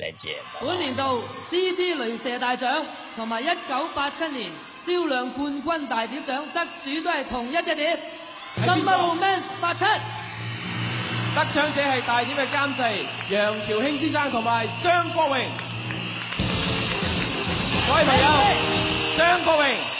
本年度 CD 雷射大獎同埋一九八七年銷量冠軍大碟獎得主都係同一隻碟，是邊個？《Small Man》八七 得獎者係大碟嘅監製楊朝興先生同埋張國榮。 各位朋友，張 國榮。